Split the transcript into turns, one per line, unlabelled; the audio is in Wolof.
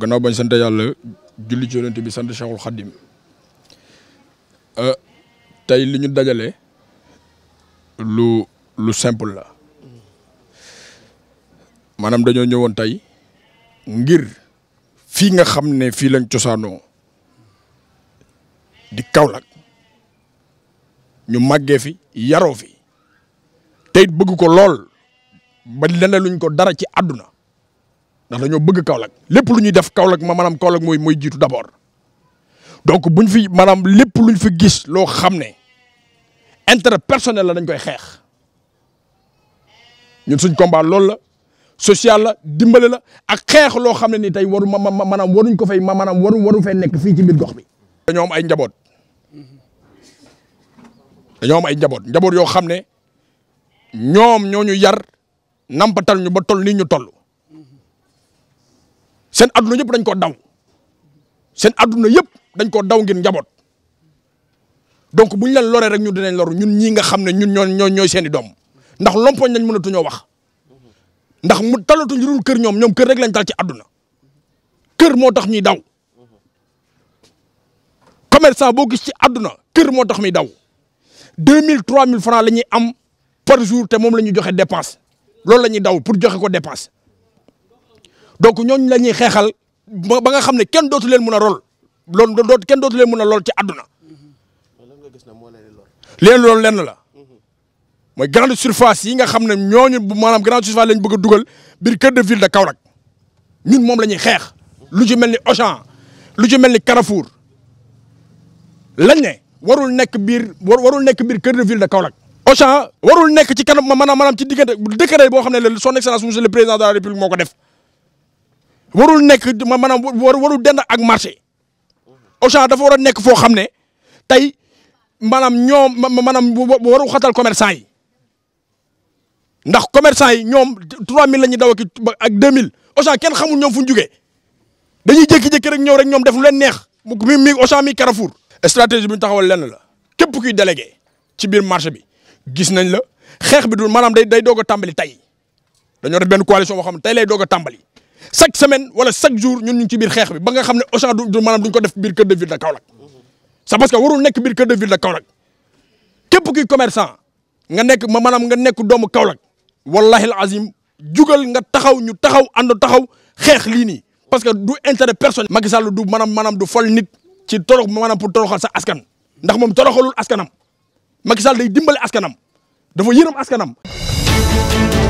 gannaaw bañ sant yàlla julli ci yonent bi sant Cheikhul Khadim euh, tey li ñu dajale lu lu simple la maanaam dañoo ñëwoon tey ngir fii nga xam ne fii lañ cosaanoo di Kaolack ñu màggee fi yaroo fi tey bëgg ko lool ba leneen luñ ko dara ci àdduna ndax dañoo bëgg Kaolack lépp lu ñuy def Kaolack ma maanaam Kaolack mooy mooy jiitu d'abord donc buñ fi maanaam lépp luñ fi gis loo xam ne intérêt personnel la dañ koy xeex ñu suñ combat loolu la social la dimbale la ak xeex loo xam ne ni tey waru ma ma maanaam waruñ ko fay ma maanaam waru waru fay nekk fii ci biir gox bi. dañoo ay njaboot dañoo ay njaboot njaboot yoo xam ne ñoom ñoo ñu yar nampatal ñu ba toll nii ñu toll. seen adduna yëpp dañ ko daw seen adduna yëpp dañ ko daw ngir njaboot donc bu ñu leen loree rek ñu dinañ loru ñun ñii nga xam ne ñun ñoo ñoo ñooy seen doom ndax lompoñ lañ mënatuñoo wax ndax mu talatuñ lu dul kër ñoom ñoom kër rek lañ tal ci aduna kër moo tax ñuy daw commerçant boo gis ci adduna kër moo tax muy daw deux mille trois mille francs la ñuy am par jour te moom la ñuy joxe dépense loolu la ñuy daw pour joxe ko dépense donc ñooñu la ñuy xeexal ba nga xam ne kenn dootu leen mun a rol loolu dootu kenn dootu leen mun a lool ci àdduna. leen lool lenn la mooy grande surface yi nga xam ne ñooñu maanaam grande surface lañ bëgg dugal biir kër de ville de Kaolack ñun moom la ñuy xeex lu ci mel ni Auchan lu ci mel ni Carrefour lañ ne warul nekk biir warul nekk biir cœur de ville de Kaolack. Auchan warul nekk ci kanam maanaam maanaam ci diggante décret boo xam ne la république moo warul nekk maanaam warul dend ak marché Auchan dafa war a nekk foo xam ne tey maanaam ñoom maanaam waru xatal commerçant yi ndax commerçant yi ñoom 3000 la ñuy daw ak 2000 Auchan kenn xamul ñoom fu ñu jugee dañuy jékki-jékki rek ñëw rek ñoom def lu leen neex mi mi Auchan mi four stratégie bi ñu taxawal lenn la képp kuy délégué ci biir marché bi gis nañ la xeex bi du maanaam day day doog a tàmbali tey dañoo def benn coalition boo xam ne lay doog a tàmbali. chaque semaine wala chaque jour ñun ñu ngi ci biir xeex bi ba nga xam ne Auchan du maanaam duñ ko def biir cœur de ville de Kaolack c'est parce que warul nekk biir cœur de ville de Kaolack képp kuy commerçant nga nekk ma maanaam nga nekk doomu Kaolack wallahi al azim jugal nga taxaw ñu taxaw ànd taxaw xeex lii nii parce que du intérêt personne Macky Sall du maanaam manam du fol nit ci torox maanaam pour toroxal sa askan ndax moom toroxalul askanam Macky Sall day dimbale askanam dafa yërëm askanam